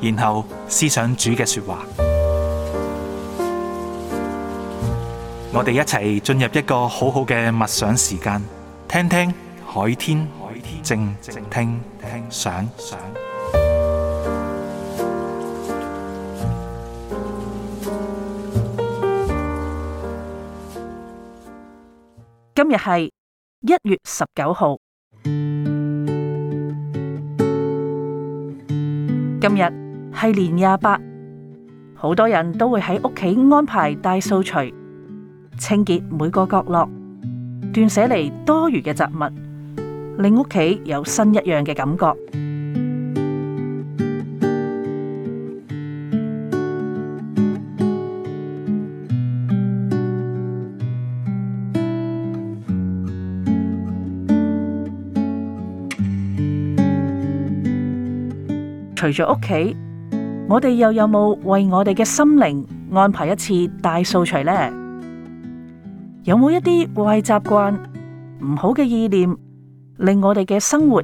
然後思想主嘅說話，我哋一齊進入一個好好嘅默想時間，聽聽海天靜聽想。今日係一月十九號，今日。係年廿八，好多人都會喺屋企安排大掃除，清潔每個角落，斷捨離多餘嘅雜物，令屋企有新一樣嘅感覺。除咗屋企。我哋又有冇為我哋嘅心靈安排一次大掃除呢？有冇一啲壞習慣、唔好嘅意念，令我哋嘅生活、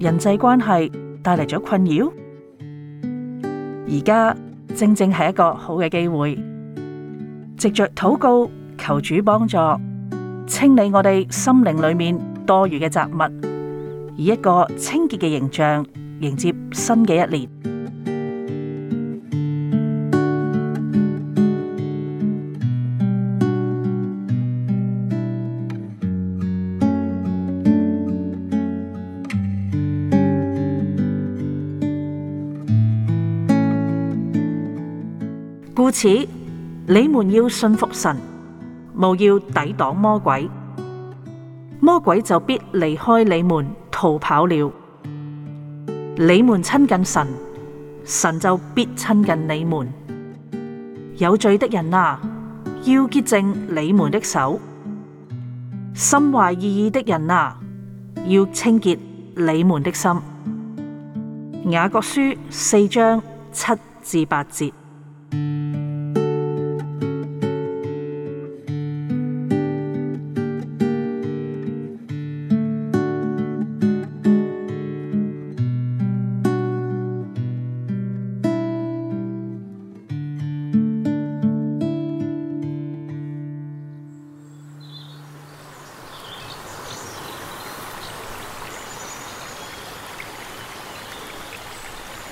人際關係帶嚟咗困擾？而家正正係一個好嘅機會，藉着禱告，求主幫助，清理我哋心靈裏面多餘嘅雜物，以一個清潔嘅形象迎接新嘅一年。故此，你們要信服神，務要抵擋魔鬼，魔鬼就必離開你們逃跑了。你們親近神，神就必親近你們。有罪的人啊，要潔淨你們的手；心懷二意的人啊，要清潔你們的心。雅各書四章七至八節。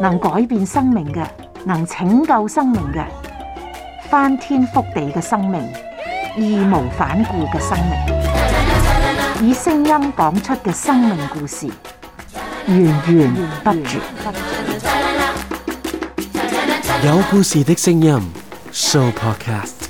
能改變生命嘅，能拯救生命嘅，翻天覆地嘅生命，義無反顧嘅生命，以聲音講出嘅生命故事，源源不絕。有故事的聲音，Show Podcast。